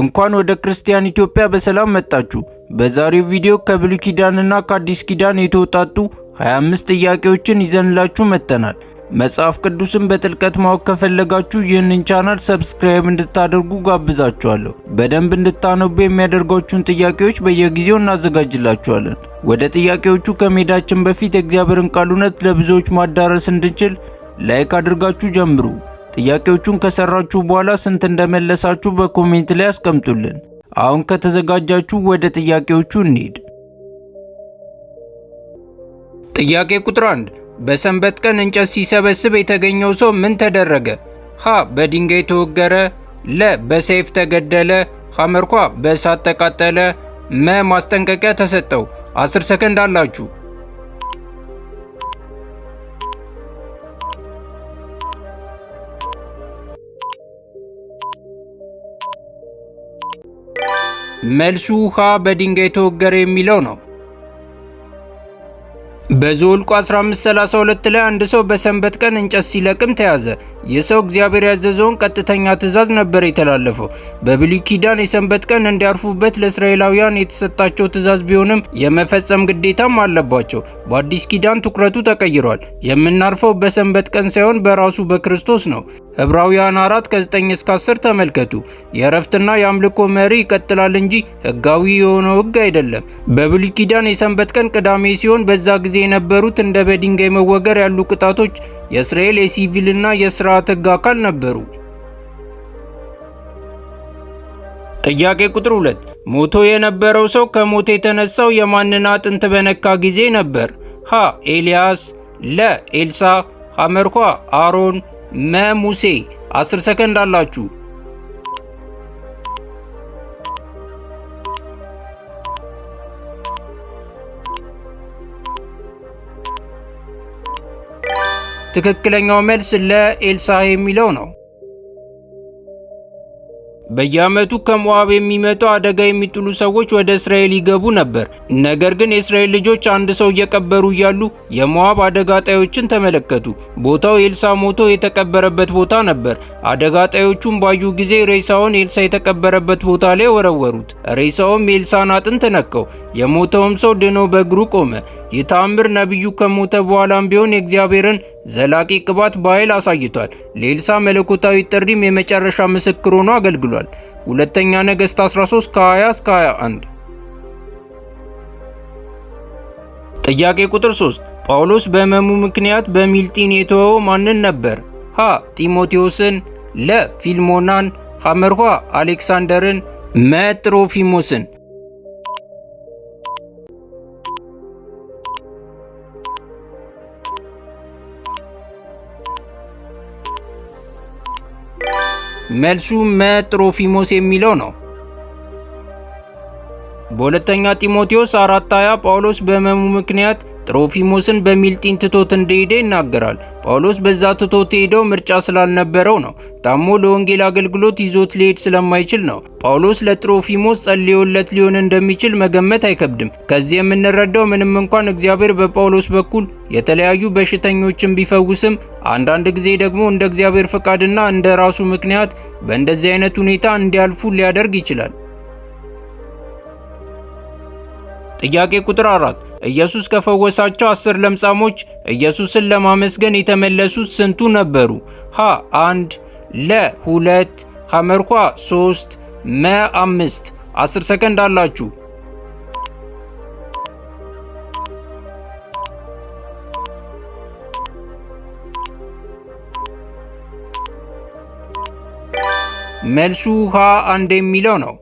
እንኳን ወደ ክርስቲያን ኢትዮጵያ በሰላም መጣችሁ። በዛሬው ቪዲዮ ከብሉይ ኪዳንና ከአዲስ ኪዳን የተውጣጡ 25 ጥያቄዎችን ይዘንላችሁ መጥተናል። መጽሐፍ ቅዱስን በጥልቀት ማወቅ ከፈለጋችሁ ይህንን ቻናል ሰብስክራይብ እንድታደርጉ ጋብዛችኋለሁ። በደንብ እንድታነቡ የሚያደርጓችሁን ጥያቄዎች በየጊዜው እናዘጋጅላችኋለን። ወደ ጥያቄዎቹ ከመሄዳችን በፊት የእግዚአብሔርን ቃል እውነት ለብዙዎች ማዳረስ እንድንችል ላይክ አድርጋችሁ ጀምሩ። ጥያቄዎቹን ከሰራችሁ በኋላ ስንት እንደመለሳችሁ በኮሜንት ላይ አስቀምጡልን። አሁን ከተዘጋጃችሁ ወደ ጥያቄዎቹ እንሂድ። ጥያቄ ቁጥር 1 በሰንበት ቀን እንጨት ሲሰበስብ የተገኘው ሰው ምን ተደረገ? ሀ በድንጋይ ተወገረ፣ ለ በሰይፍ ተገደለ፣ ሐመርኳ በእሳት ተቃጠለ፣ መ ማስጠንቀቂያ ተሰጠው። 10 ሰከንድ አላችሁ። መልሱ ውሃ በድንጋይ ተወገረ የሚለው ነው። በዘኍልቍ 1532 ላይ አንድ ሰው በሰንበት ቀን እንጨት ሲለቅም ተያዘ። የሰው እግዚአብሔር ያዘዘውን ቀጥተኛ ትእዛዝ ነበር የተላለፈው። በብሉይ ኪዳን የሰንበት ቀን እንዲያርፉበት ለእስራኤላውያን የተሰጣቸው ትእዛዝ ቢሆንም የመፈጸም ግዴታም አለባቸው። በአዲስ ኪዳን ትኩረቱ ተቀይሯል። የምናርፈው በሰንበት ቀን ሳይሆን በራሱ በክርስቶስ ነው። ዕብራውያን 4 ከ9 እስከ 10 ተመልከቱ። የእረፍትና የአምልኮ መሪ ይቀጥላል እንጂ ሕጋዊ የሆነው ሕግ አይደለም። በብሉይ ኪዳን የሰንበት ቀን ቅዳሜ ሲሆን በዛ ጊዜ የነበሩት እንደ በድንጋይ መወገር ያሉ ቅጣቶች የእስራኤል የሲቪልና የስርዓት ሕግ አካል ነበሩ። ጥያቄ ቁጥር 2 ሞቶ የነበረው ሰው ከሞት የተነሳው የማንን አጥንት በነካ ጊዜ ነበር? ሀ ኤልያስ፣ ለ ኤልሳ፣ ሐመርኳ አሮን፣ መ ሙሴ። 10 ሰከንድ አላችሁ። ትክክለኛው መልስ ለኤልሳዕ የሚለው ነው። በየዓመቱ ከሞዓብ የሚመጡ አደጋ የሚጥሉ ሰዎች ወደ እስራኤል ይገቡ ነበር። ነገር ግን የእስራኤል ልጆች አንድ ሰው እየቀበሩ እያሉ የሞዓብ አደጋ ጣዮችን ተመለከቱ። ቦታው ኤልሳ ሞቶ የተቀበረበት ቦታ ነበር። አደጋ ጣዮቹም ባዩ ጊዜ ሬሳውን ኤልሳ የተቀበረበት ቦታ ላይ ወረወሩት። ሬሳውም የኤልሳዕን አጥንት ነካው። የሞተውም ሰው ድኖ በእግሩ ቆመ። ይህ ተአምር ነቢዩ ከሞተ በኋላም ቢሆን የእግዚአብሔርን ዘላቂ ቅባት በኃይል አሳይቷል። ለኤልሳ መለኮታዊ ጥሪም የመጨረሻ ምስክር ሆኖ አገልግሏል። ሁለተኛ ነገሥት 13 ከ20 እስከ 21። ጥያቄ ቁጥር 3 ጳውሎስ በሕመሙ ምክንያት በሚልጢን የተወው ማንን ነበር? ሀ ጢሞቴዎስን፣ ለ ፊልሞናን፣ ሐመርኋ አሌክሳንደርን፣ መ መልሱ መጥሮፊሞስ የሚለው ነው። በሁለተኛ ጢሞቴዎስ 4:20 ጳውሎስ በሕመሙ ምክንያት ጥሮፊሞስን በሚልጢን ትቶት እንደሄደ ይናገራል። ጳውሎስ በዛ ትቶት ሄደው ምርጫ ስላልነበረው ነው። ታሞ ለወንጌል አገልግሎት ይዞት ሊሄድ ስለማይችል ነው። ጳውሎስ ለጥሮፊሞስ ጸልዮለት ሊሆን እንደሚችል መገመት አይከብድም። ከዚህ የምንረዳው ምንም እንኳን እግዚአብሔር በጳውሎስ በኩል የተለያዩ በሽተኞችን ቢፈውስም አንዳንድ ጊዜ ደግሞ እንደ እግዚአብሔር ፈቃድና እንደ ራሱ ምክንያት በእንደዚህ አይነት ሁኔታ እንዲያልፉ ሊያደርግ ይችላል። ጥያቄ ቁጥር 4 ኢየሱስ ከፈወሳቸው አስር ለምጻሞች ኢየሱስን ለማመስገን የተመለሱት ስንቱ ነበሩ? ሀ 1 ለ 2 ሐመርኳ 3 መ 5 10 ሰከንድ አላችሁ። መልሱ ሃ አንድ የሚለው ነው።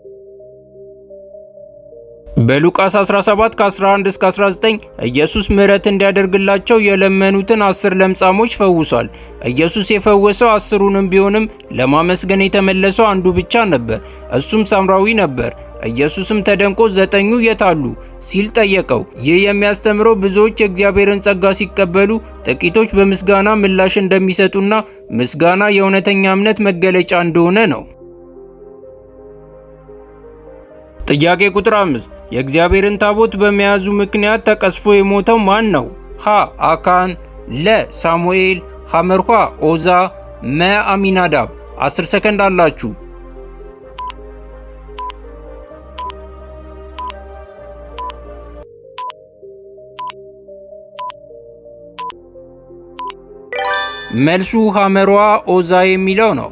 በሉቃስ 17 ከ11 እስከ 19 ኢየሱስ ምሕረት እንዲያደርግላቸው የለመኑትን አስር ለምጻሞች ፈውሷል። ኢየሱስ የፈወሰው አስሩንም ቢሆንም ለማመስገን የተመለሰው አንዱ ብቻ ነበር፣ እሱም ሳምራዊ ነበር። ኢየሱስም ተደንቆ ዘጠኙ የት አሉ ሲል ጠየቀው። ይህ የሚያስተምረው ብዙዎች የእግዚአብሔርን ጸጋ ሲቀበሉ ጥቂቶች በምስጋና ምላሽ እንደሚሰጡና ምስጋና የእውነተኛ እምነት መገለጫ እንደሆነ ነው። ጥያቄ ቁጥር 5 የእግዚአብሔርን ታቦት በመያዙ ምክንያት ተቀስፎ የሞተው ማን ነው? ሀ አካን፣ ለ ሳሙኤል፣ ሐመርኳ ኦዛ፣ መ አሚናዳብ። 10 ሰከንድ አላችሁ። መልሱ ሐመሯ ኦዛ የሚለው ነው።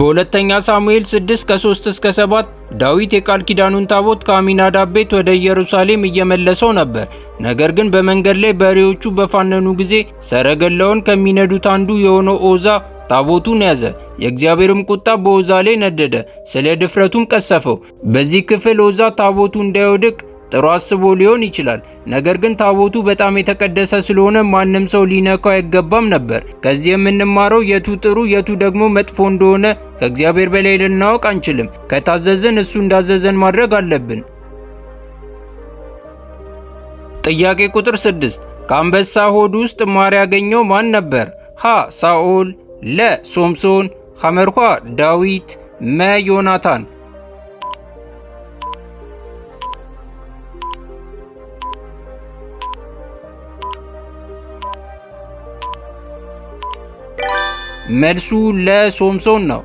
በሁለተኛ ሳሙኤል 6 ከ3 እስከ 7 ዳዊት የቃል ኪዳኑን ታቦት ከአሚናዳብ ቤት ወደ ኢየሩሳሌም እየመለሰው ነበር። ነገር ግን በመንገድ ላይ በሬዎቹ በፋነኑ ጊዜ ሰረገላውን ከሚነዱት አንዱ የሆነው ኦዛ ታቦቱን ያዘ። የእግዚአብሔርም ቁጣ በኦዛ ላይ ነደደ፣ ስለ ድፍረቱም ቀሰፈው። በዚህ ክፍል ኦዛ ታቦቱ እንዳይወድቅ ጥሩ አስቦ ሊሆን ይችላል። ነገር ግን ታቦቱ በጣም የተቀደሰ ስለሆነ ማንም ሰው ሊነካው አይገባም ነበር። ከዚህ የምንማረው የቱ ጥሩ የቱ ደግሞ መጥፎ እንደሆነ ከእግዚአብሔር በላይ ልናውቅ አንችልም። ከታዘዘን እሱ እንዳዘዘን ማድረግ አለብን። ጥያቄ ቁጥር 6 ከአንበሳ ሆድ ውስጥ ማር ያገኘው ማን ነበር? ሀ ሳኦል፣ ለ ሶምሶን፣ ሐመርኳ ዳዊት፣ መ ዮናታን መልሱ ለሶምሶን ነው።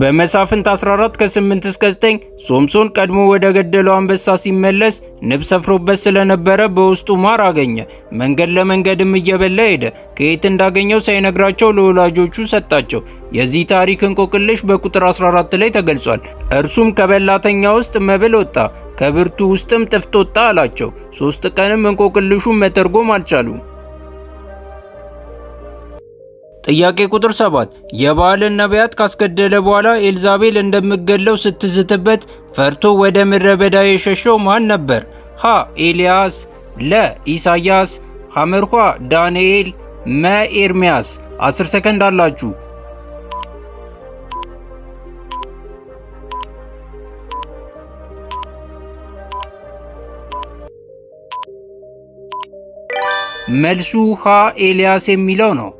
በመሳፍንት 14 ከ8 እስከ 9 ሶምሶን ቀድሞ ወደ ገደለው አንበሳ ሲመለስ ንብ ሰፍሮበት ስለነበረ በውስጡ ማር አገኘ። መንገድ ለመንገድም እየበላ ሄደ። ከየት እንዳገኘው ሳይነግራቸው ለወላጆቹ ሰጣቸው። የዚህ ታሪክ እንቆቅልሽ በቁጥር 14 ላይ ተገልጿል። እርሱም ከበላተኛ ውስጥ መብል ወጣ፣ ከብርቱ ውስጥም ጥፍት ወጣ አላቸው። ሶስት ቀንም እንቆቅልሹን መተርጎም አልቻሉም። ጥያቄ ቁጥር 7 የበዓልን ነቢያት ካስገደለ በኋላ ኤልዛቤል እንደምገለው ስትዝትበት ፈርቶ ወደ ምድረ በዳ የሸሸው ማን ነበር? ሀ ኤልያስ፣ ለ ኢሳያስ፣ ሐመርኳ ዳንኤል፣ መ ኤርሚያስ። 10 ሰከንድ አላችሁ። መልሱ ሀ ኤልያስ የሚለው ነው።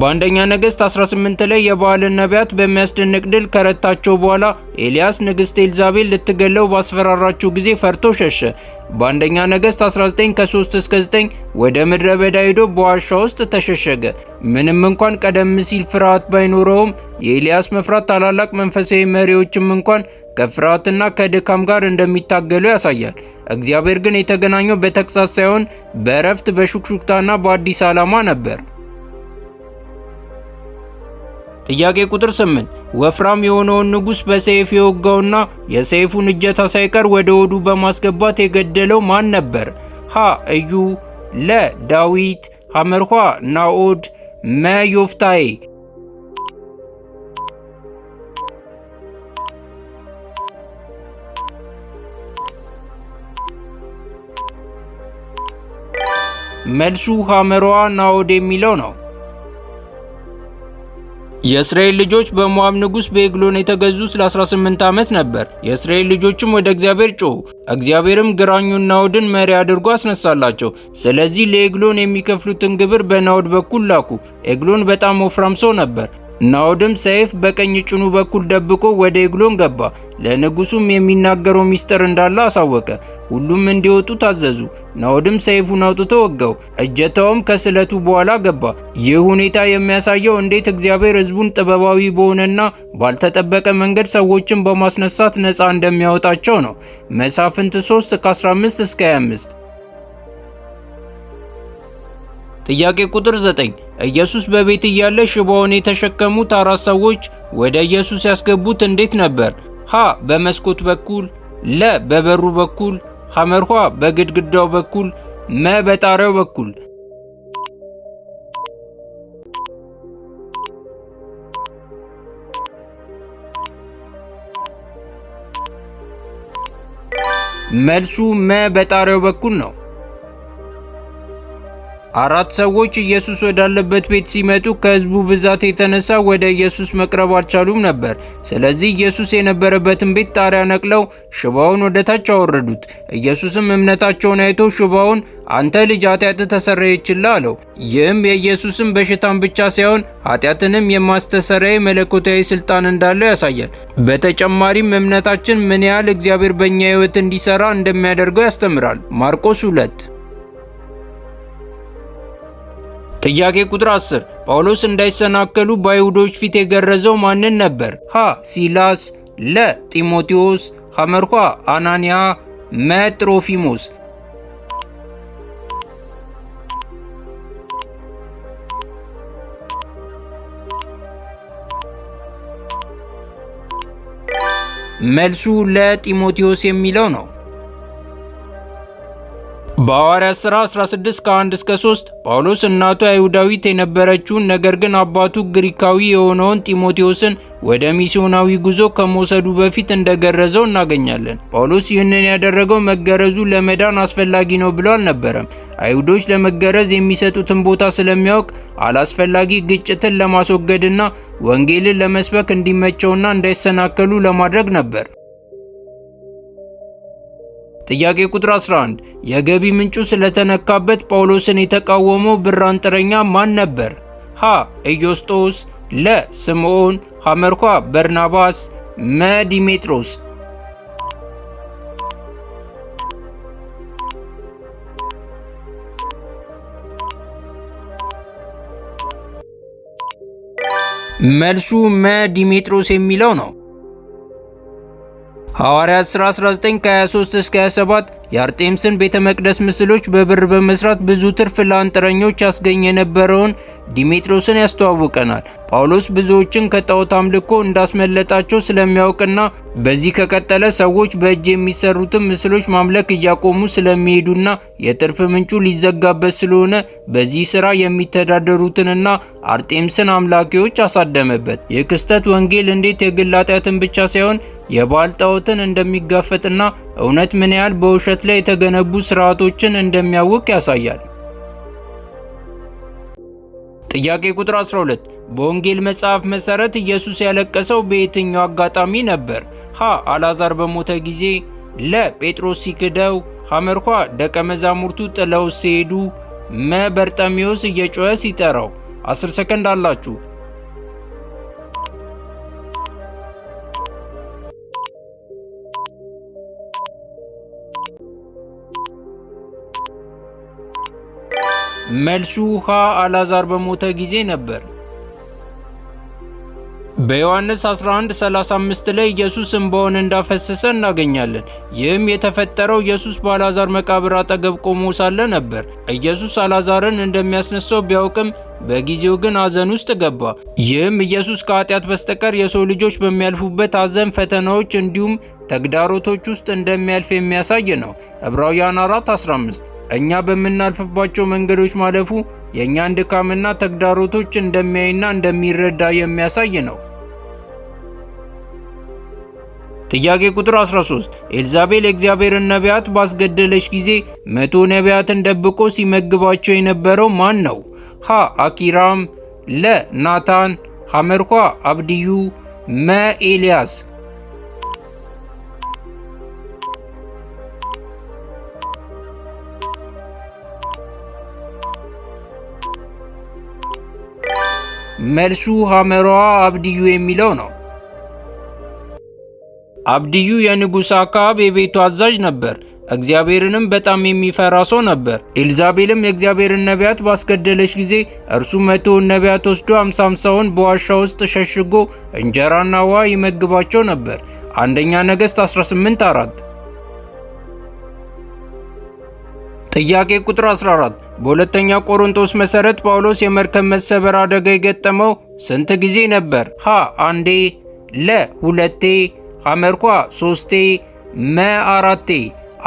በአንደኛ ነገሥት 18 ላይ የበዓልን ነቢያት በሚያስደንቅ ድል ከረታቸው በኋላ ኤልያስ ንግሥት ኤልዛቤል ልትገለው ባስፈራራችው ጊዜ ፈርቶ ሸሸ። በአንደኛ ነገሥት 19 ከ3 እስከ 9 ወደ ምድረ በዳ ሄዶ በዋሻ ውስጥ ተሸሸገ። ምንም እንኳን ቀደም ሲል ፍርሃት ባይኖረውም የኤልያስ መፍራት ታላላቅ መንፈሳዊ መሪዎችም እንኳን ከፍርሃትና ከድካም ጋር እንደሚታገሉ ያሳያል። እግዚአብሔር ግን የተገናኘው በተግሣጽ ሳይሆን በእረፍት በሹክሹክታና በአዲስ ዓላማ ነበር። ጥያቄ ቁጥር 8 ወፍራም የሆነውን ንጉሥ በሰይፍ የወጋውና የሰይፉን እጀታ ሳይቀር ወደ ሆዱ በማስገባት የገደለው ማን ነበር? ሀ እዩ፣ ለ ዳዊት፣ ሐመርኋ ናኦድ፣ መ መልሱ ሐመርኋ ናኦድ የሚለው ነው። የእስራኤል ልጆች በሞዓብ ንጉሥ በኤግሎን የተገዙት ለ18 ዓመት ነበር። የእስራኤል ልጆችም ወደ እግዚአብሔር ጮሁ፣ እግዚአብሔርም ግራኙን ናውድን መሪ አድርጎ አስነሳላቸው። ስለዚህ ለኤግሎን የሚከፍሉትን ግብር በናውድ በኩል ላኩ። ኤግሎን በጣም ወፍራም ሰው ነበር። ናውድም ሰይፍ በቀኝ ጭኑ በኩል ደብቆ ወደ ኤግሎን ገባ። ለንጉሱም የሚናገረው ሚስጥር እንዳለ አሳወቀ። ሁሉም እንዲወጡ ታዘዙ። ናውድም ሰይፉን አውጥቶ ወጋው፣ እጀታውም ከስለቱ በኋላ ገባ። ይህ ሁኔታ የሚያሳየው እንዴት እግዚአብሔር ሕዝቡን ጥበባዊ በሆነና ባልተጠበቀ መንገድ ሰዎችን በማስነሳት ነፃ እንደሚያወጣቸው ነው። መሳፍንት 3 ከ15 እስከ 25 ጥያቄ ቁጥር 9 ኢየሱስ በቤት እያለ ሽባውን የተሸከሙት አራት ሰዎች ወደ ኢየሱስ ያስገቡት እንዴት ነበር? ሀ በመስኮት በኩል፣ ለ በበሩ በኩል፣ ሐመርኋ በግድግዳው በኩል፣ መ በጣሪያው በኩል። መልሱ መ በጣሪያው በኩል ነው። አራት ሰዎች ኢየሱስ ወዳለበት ቤት ሲመጡ ከህዝቡ ብዛት የተነሳ ወደ ኢየሱስ መቅረብ አልቻሉም ነበር። ስለዚህ ኢየሱስ የነበረበትን ቤት ጣሪያ ነቅለው ሽባውን ወደ ታች አወረዱት። ኢየሱስም እምነታቸውን አይቶ ሽባውን አንተ ልጅ አጥያት ተሰረየችልህ አለው። ይህም የኢየሱስን በሽታን ብቻ ሳይሆን ኃጢአትንም የማስተሰረይ መለኮታዊ ስልጣን እንዳለው ያሳያል። በተጨማሪም እምነታችን ምን ያህል እግዚአብሔር በእኛ ህይወት እንዲሰራ እንደሚያደርገው ያስተምራል። ማርቆስ 2 ጥያቄ ቁጥር 10 ጳውሎስ እንዳይሰናከሉ በአይሁዶች ፊት የገረዘው ማንን ነበር? ሀ ሲላስ፣ ለ ጢሞቴዎስ፣ ሐመርኳ አናንያ፣ መ ትሮፊሞስ። መልሱ ለጢሞቴዎስ የሚለው ነው። በሐዋርያት ሥራ 16 ከ1 እስከ 3 ጳውሎስ እናቱ አይሁዳዊት የነበረችውን ነገር ግን አባቱ ግሪካዊ የሆነውን ጢሞቴዎስን ወደ ሚስዮናዊ ጉዞ ከመውሰዱ በፊት እንደገረዘው እናገኛለን። ጳውሎስ ይህንን ያደረገው መገረዙ ለመዳን አስፈላጊ ነው ብሎ አልነበረም። አይሁዶች ለመገረዝ የሚሰጡትን ቦታ ስለሚያውቅ አላስፈላጊ ግጭትን ለማስወገድና ወንጌልን ለመስበክ እንዲመቸውና እንዳይሰናከሉ ለማድረግ ነበር። ጥያቄ ቁጥር 11 የገቢ ምንጩ ስለተነካበት ጳውሎስን የተቃወመው ብር አንጥረኛ ማን ነበር? ሀ ኢዮስጦስ፣ ለ ስምዖን፣ ሐመርኳ በርናባስ፣ መ ዲሜጥሮስ። መልሱ መ ዲሜጥሮስ የሚለው ነው። ሐዋርያት ሥራ 19 23 እስከ 27 የአርጤምስን ቤተ መቅደስ ምስሎች በብር በመስራት ብዙ ትርፍ ለአንጥረኞች ያስገኝ የነበረውን ዲሜጥሮስን ያስተዋውቀናል። ጳውሎስ ብዙዎችን ከጣዖት አምልኮ እንዳስመለጣቸው ስለሚያውቅና በዚህ ከቀጠለ ሰዎች በእጅ የሚሰሩትን ምስሎች ማምለክ እያቆሙ ስለሚሄዱና የትርፍ ምንጩ ሊዘጋበት ስለሆነ በዚህ ስራ የሚተዳደሩትንና አርጤምስን አምላኪዎች አሳደመበት። ይህ ክስተት ወንጌል እንዴት የግል ኃጢአትን ብቻ ሳይሆን የባል ጣዖትን እንደሚጋፈጥና እውነት ምን ያህል በውሸት ላይ የተገነቡ ስርዓቶችን እንደሚያውቅ ያሳያል። ጥያቄ ቁጥር 12 በወንጌል መጽሐፍ መሰረት ኢየሱስ ያለቀሰው በየትኛው አጋጣሚ ነበር? ሀ አላዛር በሞተ ጊዜ፣ ለ ጴጥሮስ ሲክደው፣ ሐመርኳ ደቀ መዛሙርቱ ጥለው ሲሄዱ፣ መ በርጠሜዎስ እየጮኸ ሲጠራው። 10 ሰከንድ አላችሁ። መልሱ ውሃ አላዛር በሞተ ጊዜ ነበር። በዮሐንስ 11:35 ላይ ኢየሱስ እንባውን እንዳፈሰሰ እናገኛለን። ይህም የተፈጠረው ኢየሱስ በአላዛር መቃብር አጠገብ ቆሞ ሳለ ነበር። ኢየሱስ አላዛርን እንደሚያስነሳው ቢያውቅም በጊዜው ግን ሐዘን ውስጥ ገባ። ይህም ኢየሱስ ከኃጢአት በስተቀር የሰው ልጆች በሚያልፉበት ሐዘን፣ ፈተናዎች እንዲሁም ተግዳሮቶች ውስጥ እንደሚያልፍ የሚያሳይ ነው። ዕብራውያን 4:15 እኛ በምናልፍባቸው መንገዶች ማለፉ የእኛን ድካምና ተግዳሮቶች እንደሚያይና እንደሚረዳ የሚያሳይ ነው። ጥያቄ ቁጥር 13 ኤልዛቤል የእግዚአብሔርን ነቢያት ባስገደለች ጊዜ መቶ ነቢያትን ደብቆ ሲመግባቸው የነበረው ማን ነው? ሀ አኪራም፣ ለ ናታን፣ ሐመርኳ አብድዩ፣ መ ኤልያስ መልሱ ሐመሯ አብድዩ የሚለው ነው። አብድዩ የንጉሥ አክዓብ የቤቱ አዛዥ ነበር። እግዚአብሔርንም በጣም የሚፈራ ሰው ነበር። ኤልዛቤልም የእግዚአብሔርን ነቢያት ባስገደለች ጊዜ እርሱ መቶውን ነቢያት ወስዶ አምሳ አምሳውን በዋሻ ውስጥ ሸሽጎ እንጀራና ውሃ ይመግባቸው ነበር። አንደኛ ነገሥት 18 አራት ጥያቄ ቁጥር 14 በሁለተኛ ቆሮንቶስ መሠረት ጳውሎስ የመርከብ መሰበር አደጋ የገጠመው ስንት ጊዜ ነበር? ሀ አንዴ፣ ለ ሁለቴ፣ ሐመርኳ ሶስቴ፣ መ አራቴ።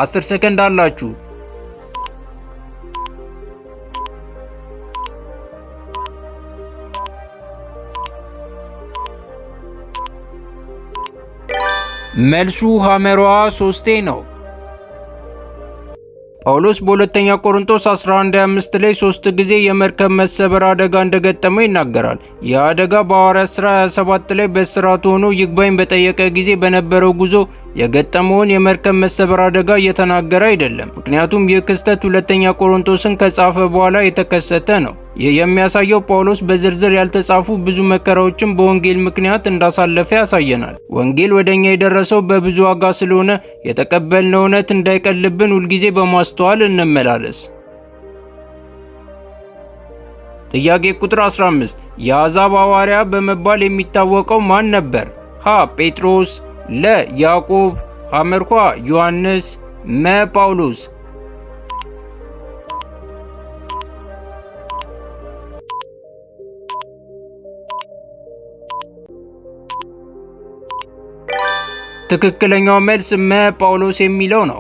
አስር ሰከንድ አላችሁ። መልሱ ሐመሯ ሶስቴ ነው። ጳውሎስ በሁለተኛ ቆሮንቶስ 11:25 ላይ ሶስት ጊዜ የመርከብ መሰበር አደጋ እንደገጠመው ይናገራል። ይህ አደጋ በሐዋርያት ሥራ 27 ላይ በእስራት ሆኖ ይግባኝ በጠየቀ ጊዜ በነበረው ጉዞ የገጠመውን የመርከብ መሰበር አደጋ እየተናገረ አይደለም። ምክንያቱም ይህ ክስተት ሁለተኛ ቆሮንቶስን ከጻፈ በኋላ የተከሰተ ነው። ይህ የሚያሳየው ጳውሎስ በዝርዝር ያልተጻፉ ብዙ መከራዎችን በወንጌል ምክንያት እንዳሳለፈ ያሳየናል። ወንጌል ወደ እኛ የደረሰው በብዙ ዋጋ ስለሆነ የተቀበልነው እውነት እንዳይቀልብን ሁልጊዜ በማስተዋል እንመላለስ። ጥያቄ ቁጥር 15 የአሕዛብ ሐዋርያ በመባል የሚታወቀው ማን ነበር? ሀ ጴጥሮስ ለ ያዕቆብ ሐመርኳ ዮሐንስ መ ጳውሎስ ትክክለኛው መልስ መ ጳውሎስ የሚለው ነው።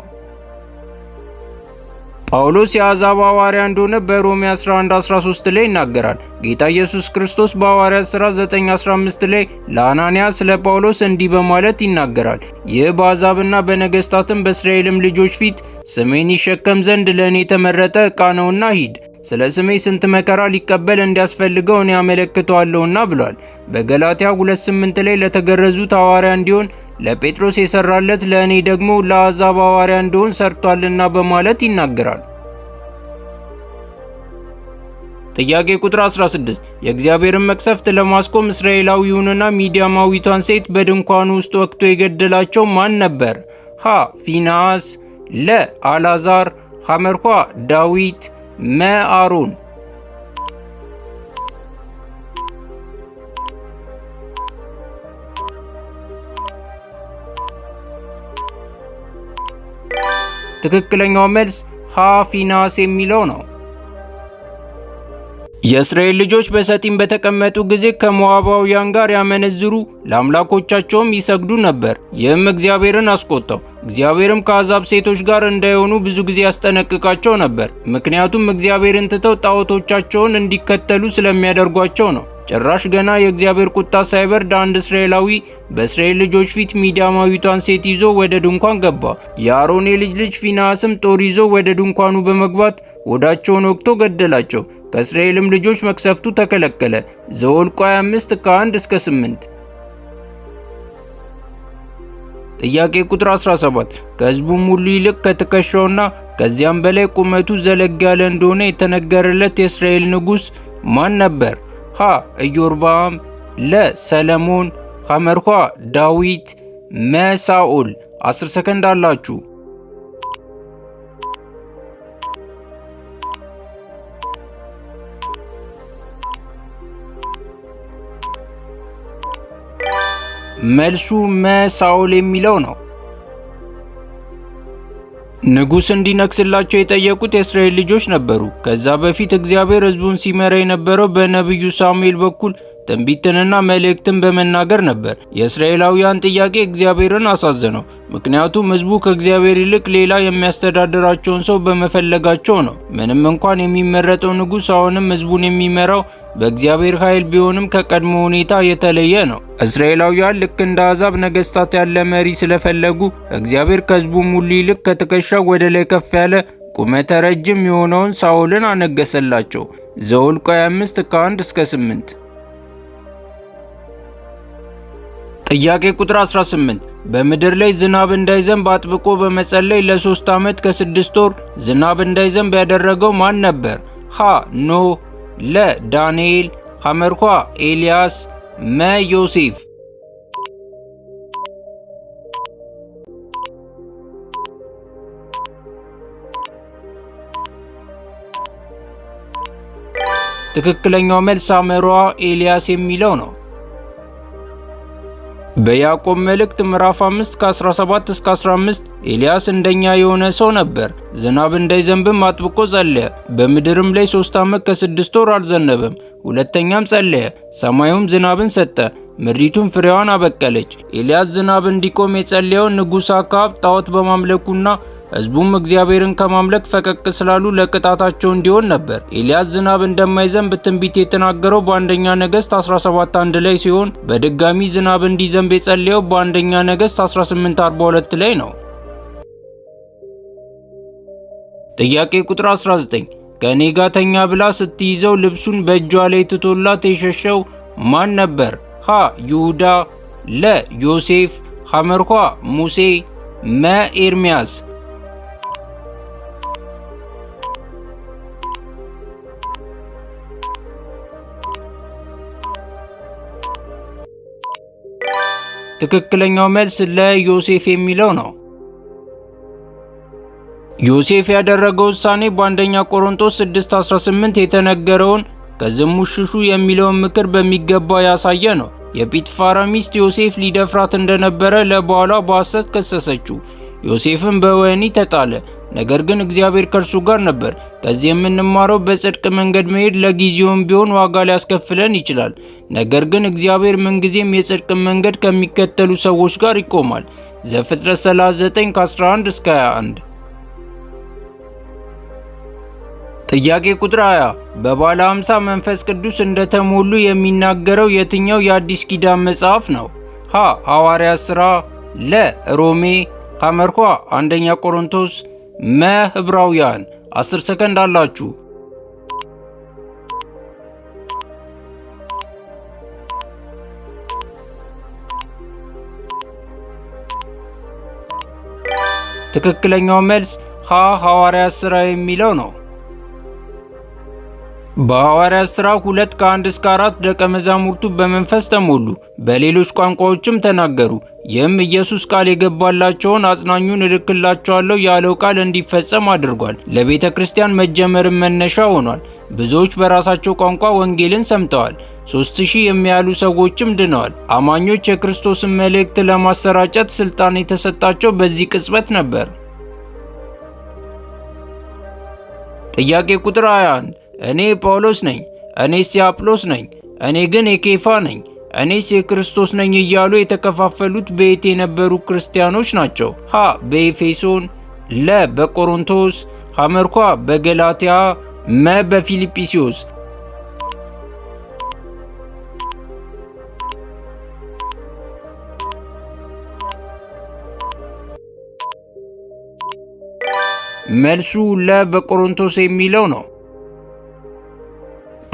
ጳውሎስ የአሕዛብ ሐዋርያ እንደሆነ በሮሜ 11:13 ላይ ይናገራል። ጌታ ኢየሱስ ክርስቶስ በሐዋርያት ሥራ 9:15 ላይ ለአናንያ ስለ ጳውሎስ እንዲህ በማለት ይናገራል። ይህ በአሕዛብና በነገሥታትም በእስራኤልም ልጆች ፊት ስሜን ይሸከም ዘንድ ለእኔ የተመረጠ ዕቃ ነውና ሂድ ስለ ስሜ ስንት መከራ ሊቀበል እንዲያስፈልገው እኔ አመለክተዋለሁና ብሏል። በገላትያ 2:8 ላይ ለተገረዙት ሐዋርያ እንዲሆን ለጴጥሮስ የሰራለት ለእኔ ደግሞ ለአሕዛብ ሐዋርያ እንደሆን ሰርቷልና በማለት ይናገራል። ጥያቄ ቁጥር 16 የእግዚአብሔርን መቅሰፍት ለማስቆም እስራኤላዊውንና ሚዲያማዊቷን ሴት በድንኳኑ ውስጥ ወቅቶ የገደላቸው ማን ነበር? ሀ ፊናስ ለ አላዛር ሐመርኳ ዳዊት፣ መ አሮን ትክክለኛው መልስ ሀ ፊናስ የሚለው ነው። የእስራኤል ልጆች በሰጢም በተቀመጡ ጊዜ ከሞዓባውያን ጋር ያመነዝሩ፣ ለአምላኮቻቸውም ይሰግዱ ነበር። ይህም እግዚአብሔርን አስቆጣው። እግዚአብሔርም ከአሕዛብ ሴቶች ጋር እንዳይሆኑ ብዙ ጊዜ ያስጠነቅቃቸው ነበር። ምክንያቱም እግዚአብሔርን ትተው ጣዖቶቻቸውን እንዲከተሉ ስለሚያደርጓቸው ነው። ጭራሽ ገና የእግዚአብሔር ቁጣ ሳይበርድ አንድ እስራኤላዊ በእስራኤል ልጆች ፊት ሚዲያማዊቷን ሴት ይዞ ወደ ድንኳን ገባ። የአሮን ልጅ ልጅ ፊናስም ጦር ይዞ ወደ ድንኳኑ በመግባት ወዳቸውን ወቅቶ ገደላቸው። ከእስራኤልም ልጆች መቅሰፍቱ ተከለከለ። ዘኍልቍ 25 ከ1 እስከ 8። ጥያቄ ቁጥር 17 ከህዝቡም ሁሉ ይልቅ ከትከሻውና ከዚያም በላይ ቁመቱ ዘለግ ያለ እንደሆነ የተነገረለት የእስራኤል ንጉሥ ማን ነበር? ሀ ኢዮርባም ለ ሰለሞን፣ ሐ ዳዊት፣ መ ሳኦል። 10 ሰከንድ አላችሁ። መልሱ መ ሳኦል የሚለው ነው። ንጉስ እንዲነግስላቸው የጠየቁት የእስራኤል ልጆች ነበሩ። ከዛ በፊት እግዚአብሔር ሕዝቡን ሲመራ የነበረው በነቢዩ ሳሙኤል በኩል ትንቢትንና መልእክትን በመናገር ነበር። የእስራኤላውያን ጥያቄ እግዚአብሔርን አሳዘነው። ምክንያቱም ሕዝቡ ከእግዚአብሔር ይልቅ ሌላ የሚያስተዳድራቸውን ሰው በመፈለጋቸው ነው። ምንም እንኳን የሚመረጠው ንጉሥ አሁንም ሕዝቡን የሚመራው በእግዚአብሔር ኃይል ቢሆንም ከቀድሞ ሁኔታ የተለየ ነው። እስራኤላውያን ልክ እንደ አሕዛብ ነገሥታት ያለ መሪ ስለፈለጉ እግዚአብሔር ከሕዝቡ ሙሉ ይልቅ ከትከሻው ወደ ላይ ከፍ ያለ ቁመተ ረጅም የሆነውን ሳኦልን አነገሰላቸው። ዘኍልቍ 25 ከ1 እስከ 8 ጥያቄ ቁጥር 18 በምድር ላይ ዝናብ እንዳይዘንብ አጥብቆ በመጸለይ ለሶስት ዓመት ከስድስት ወር ዝናብ እንዳይዘንብ ያደረገው ማን ነበር? ሀ ኖህ፣ ለ ዳንኤል፣ ሐመርኳ ኤልያስ፣ መ ዮሴፍ። ትክክለኛው መልስ አመሯ ኤልያስ የሚለው ነው። በያዕቆብ መልእክት ምዕራፍ 5 ከ17 እስከ 15 ኤልያስ እንደኛ የሆነ ሰው ነበር። ዝናብ እንዳይዘንብም አጥብቆ ጸለየ። በምድርም ላይ ሶስት ዓመት ከስድስት ወር አልዘነበም። ሁለተኛም ጸለየ፣ ሰማዩም ዝናብን ሰጠ፣ ምድሪቱም ፍሬዋን አበቀለች። ኤልያስ ዝናብ እንዲቆም የጸለየው ንጉሥ አክዓብ ጣዖት በማምለኩና ህዝቡም እግዚአብሔርን ከማምለክ ፈቀቅ ስላሉ ለቅጣታቸው እንዲሆን ነበር። ኤልያስ ዝናብ እንደማይዘንብ ትንቢት የተናገረው በአንደኛ ነገሥት 17:1 ላይ ሲሆን በድጋሚ ዝናብ እንዲዘንብ የጸለየው በአንደኛ ነገሥት 18:42 ላይ ነው። ጥያቄ ቁጥር 19 ከእኔ ጋር ተኛ ብላ ስትይዘው ልብሱን በእጇ ላይ ትቶላት የሸሸው ማን ነበር? ሀ ይሁዳ፣ ለ ዮሴፍ፣ ሐመርኳ ሙሴ፣ መ ኤርሚያስ ትክክለኛው መልስ ለዮሴፍ የሚለው ነው። ዮሴፍ ያደረገው ውሳኔ በአንደኛ ቆሮንቶስ 6:18 የተነገረውን ከዝሙት ሽሹ የሚለውን ምክር በሚገባ ያሳየ ነው። የጲጥፋራ ሚስት ዮሴፍ ሊደፍራት እንደነበረ ለባሏ በሐሰት ከሰሰችው። ዮሴፍም በወህኒ ተጣለ። ነገር ግን እግዚአብሔር ከእርሱ ጋር ነበር። ከዚህ የምንማረው በጽድቅ መንገድ መሄድ ለጊዜውም ቢሆን ዋጋ ሊያስከፍለን ይችላል። ነገር ግን እግዚአብሔር ምንጊዜም የጽድቅ መንገድ ከሚከተሉ ሰዎች ጋር ይቆማል። ዘፍጥረት 39 ከ11 እስከ 21 ጥያቄ ቁጥር 20 በባለ 50 መንፈስ ቅዱስ እንደተሞሉ የሚናገረው የትኛው የአዲስ ኪዳን መጽሐፍ ነው? ሀ ሐዋርያ ሥራ፣ ለ ሮሜ፣ ካመርኳ አንደኛ ቆሮንቶስ መህብራውያን 10 ሰከንድ አላችሁ። ትክክለኛው መልስ ሀ ሐዋርያ ሥራ የሚለው ነው። በሐዋርያት ሥራ ሁለት ከአንድ እስከ አራት ደቀ መዛሙርቱ በመንፈስ ተሞሉ፣ በሌሎች ቋንቋዎችም ተናገሩ። ይህም ኢየሱስ ቃል የገባላቸውን አጽናኙን እልክላቸዋለሁ ያለው ቃል እንዲፈጸም አድርጓል። ለቤተ ክርስቲያን መጀመርም መነሻ ሆኗል። ብዙዎች በራሳቸው ቋንቋ ወንጌልን ሰምተዋል። ሦስት ሺህ የሚያሉ ሰዎችም ድነዋል። አማኞች የክርስቶስን መልእክት ለማሰራጨት ሥልጣን የተሰጣቸው በዚህ ቅጽበት ነበር። ጥያቄ ቁጥር 21 እኔ ጳውሎስ ነኝ፣ እኔስ የአጵሎስ ነኝ፣ እኔ ግን የኬፋ ነኝ፣ እኔስ የክርስቶስ ነኝ እያሉ የተከፋፈሉት በየት የነበሩ ክርስቲያኖች ናቸው? ሀ በኤፌሶን፣ ለ በቆሮንቶስ፣ ሐመርኳ በገላትያ፣ መ በፊልጵስዩስ። መልሱ ለ በቆሮንቶስ የሚለው ነው።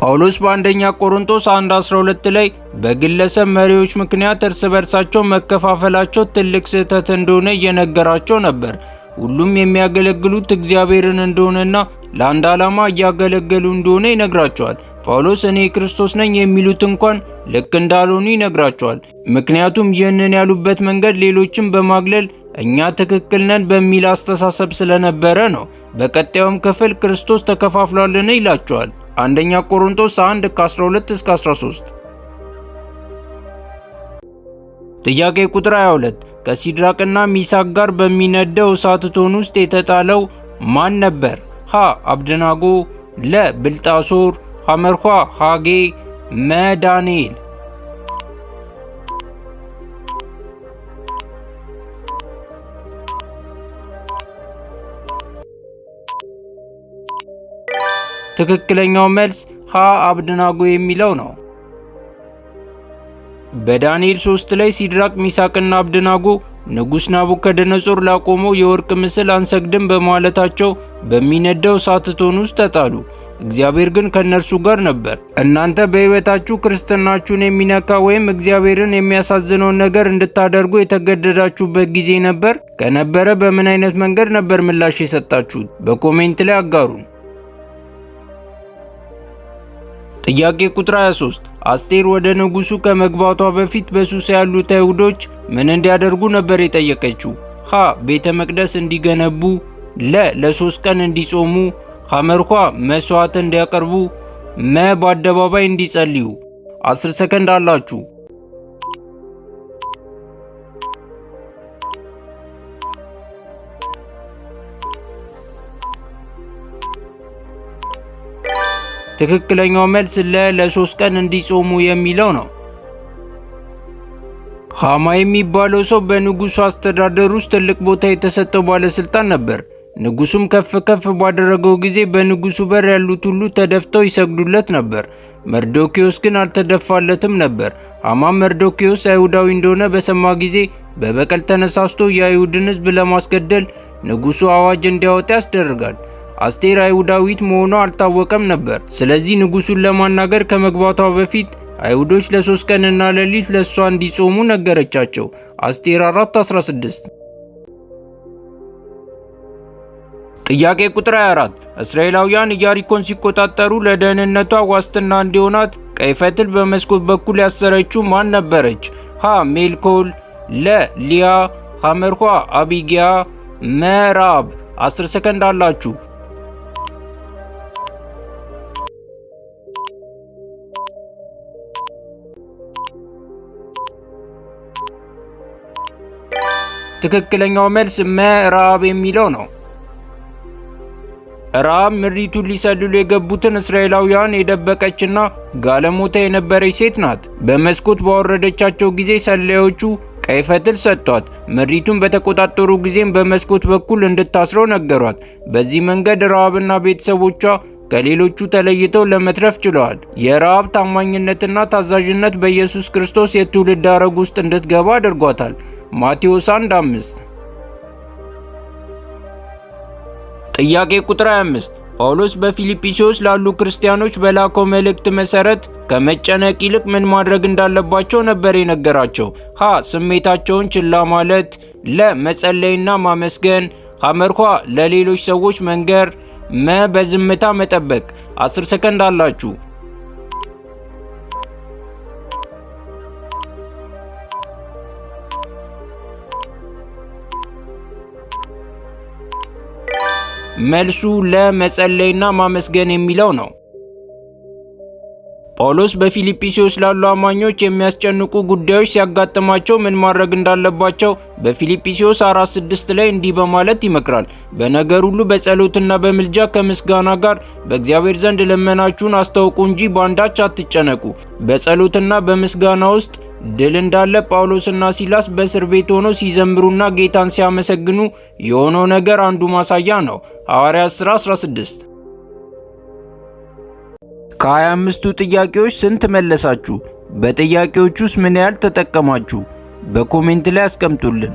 ጳውሎስ በአንደኛ ቆሮንቶስ 1:12 ላይ በግለሰብ መሪዎች ምክንያት እርስ በርሳቸው መከፋፈላቸው ትልቅ ስህተት እንደሆነ እየነገራቸው ነበር። ሁሉም የሚያገለግሉት እግዚአብሔርን እንደሆነና ለአንድ ዓላማ እያገለገሉ እንደሆነ ይነግራቸዋል። ጳውሎስ እኔ ክርስቶስ ነኝ የሚሉት እንኳን ልክ እንዳልሆኑ ይነግራቸዋል። ምክንያቱም ይህንን ያሉበት መንገድ ሌሎችን በማግለል እኛ ትክክል ነን በሚል አስተሳሰብ ስለነበረ ነው። በቀጣዩም ክፍል ክርስቶስ ተከፋፍሏልን ይላቸዋል። አንደኛ ቆሮንቶስ 1 ከ12 እስከ 13። ጥያቄ ቁጥር 22 ከሲድራቅና ሚሳቅ ጋር በሚነደው እሳት እቶን ውስጥ የተጣለው ማን ነበር? ሀ አብደናጎ፣ ለ ብልጣሶር፣ ሐመርኳ ሐጌ፣ መ ዳንኤል ትክክለኛው መልስ ሀ አብድናጎ የሚለው ነው። በዳንኤል 3 ላይ ሲድራቅ ሚሳቅና አብድናጎ ንጉሥ ናቡከደነጾር ላቆመው የወርቅ ምስል አንሰግድም በማለታቸው በሚነደው እሳት እቶን ውስጥ ተጣሉ። እግዚአብሔር ግን ከእነርሱ ጋር ነበር። እናንተ በሕይወታችሁ ክርስትናችሁን የሚነካ ወይም እግዚአብሔርን የሚያሳዝነውን ነገር እንድታደርጉ የተገደዳችሁበት ጊዜ ነበር? ከነበረ በምን አይነት መንገድ ነበር ምላሽ የሰጣችሁት? በኮሜንት ላይ አጋሩን። ጥያቄ ቁጥር 23 አስቴር ወደ ንጉሱ ከመግባቷ በፊት በሱሳ ያሉት አይሁዶች ምን እንዲያደርጉ ነበር የጠየቀችው? ሀ ቤተ መቅደስ እንዲገነቡ፣ ለ ለሶስት ቀን እንዲጾሙ፣ ሐመርኳ መስዋዕት እንዲያቀርቡ፣ መ በአደባባይ እንዲጸልዩ። 10 ሰከንድ አላችሁ። ትክክለኛው መልስ ለ ለሶስት ቀን እንዲጾሙ የሚለው ነው። ሃማ የሚባለው ሰው በንጉሱ አስተዳደር ውስጥ ትልቅ ቦታ የተሰጠው ባለስልጣን ነበር። ንጉሱም ከፍ ከፍ ባደረገው ጊዜ በንጉሱ በር ያሉት ሁሉ ተደፍተው ይሰግዱለት ነበር። መርዶኪዎስ ግን አልተደፋለትም ነበር። ሃማም መርዶኪዎስ አይሁዳዊ እንደሆነ በሰማ ጊዜ በበቀል ተነሳስቶ የአይሁድን ሕዝብ ለማስገደል ንጉሱ አዋጅ እንዲያወጣ ያስደርጋል። አስቴር አይሁዳዊት መሆኗ አልታወቀም ነበር። ስለዚህ ንጉሱን ለማናገር ከመግባቷ በፊት አይሁዶች ለሶስት ቀንና ሌሊት ለእሷ እንዲጾሙ ነገረቻቸው። አስቴር 4:16 ጥያቄ ቁጥር 24 እስራኤላውያን ኢያሪኮን ሲቆጣጠሩ ለደህንነቷ ዋስትና እንዲሆናት ቀይ ፈትል በመስኮት በኩል ያሰረችው ማን ነበረች? ሀ ሜልኮል፣ ለ ሊያ፣ ሐመርኳ አቢጊያ። መራብ 10 ሰከንድ አላችሁ። ትክክለኛው መልስ ምዕራብ የሚለው ነው። ረሃብ ምሪቱ ሊሰልሉ የገቡትን እስራኤላውያን የደበቀችና ጋለሞታ የነበረች ሴት ናት። በመስኮት ባወረደቻቸው ጊዜ ሰላዮቹ ቀይ ፈትል ሰጥቷት ምሪቱን በተቆጣጠሩ ጊዜም በመስኮት በኩል እንድታስረው ነገሯት። በዚህ መንገድ ረሃብና ቤተሰቦቿ ከሌሎቹ ተለይተው ለመትረፍ ችለዋል። የረሃብ ታማኝነትና ታዛዥነት በኢየሱስ ክርስቶስ የትውልድ ሐረግ ውስጥ እንድትገባ አድርጓታል። ማቴዎስ 1 5 ጥያቄ ቁጥር 25 ጳውሎስ በፊልጵስዩስ ላሉ ክርስቲያኖች በላከው መልእክት መሰረት ከመጨነቅ ይልቅ ምን ማድረግ እንዳለባቸው ነበር የነገራቸው? ሀ ስሜታቸውን ችላ ማለት፣ ለ መጸለይና ማመስገን፣ ሐመርኳ ለሌሎች ሰዎች መንገር፣ መ በዝምታ መጠበቅ። 10 ሰከንድ አላችሁ። መልሱ ለመጸለይና ማመስገን የሚለው ነው። ጳውሎስ በፊልጵስዩስ ላሉ አማኞች የሚያስጨንቁ ጉዳዮች ሲያጋጥማቸው ምን ማድረግ እንዳለባቸው በፊልጵስዩስ 4:6 ላይ እንዲህ በማለት ይመክራል። በነገር ሁሉ በጸሎትና በምልጃ ከምስጋና ጋር በእግዚአብሔር ዘንድ ልመናችሁን አስታውቁ እንጂ በአንዳች አትጨነቁ። በጸሎትና በምስጋና ውስጥ ድል እንዳለ ጳውሎስና ሲላስ በእስር ቤት ሆነው ሲዘምሩና ጌታን ሲያመሰግኑ የሆነው ነገር አንዱ ማሳያ ነው። ሐዋርያት ሥራ 16 ከ25ቱ ጥያቄዎች ስንት መለሳችሁ? በጥያቄዎቹስ ምን ያህል ተጠቀማችሁ? በኮሜንት ላይ አስቀምጡልን።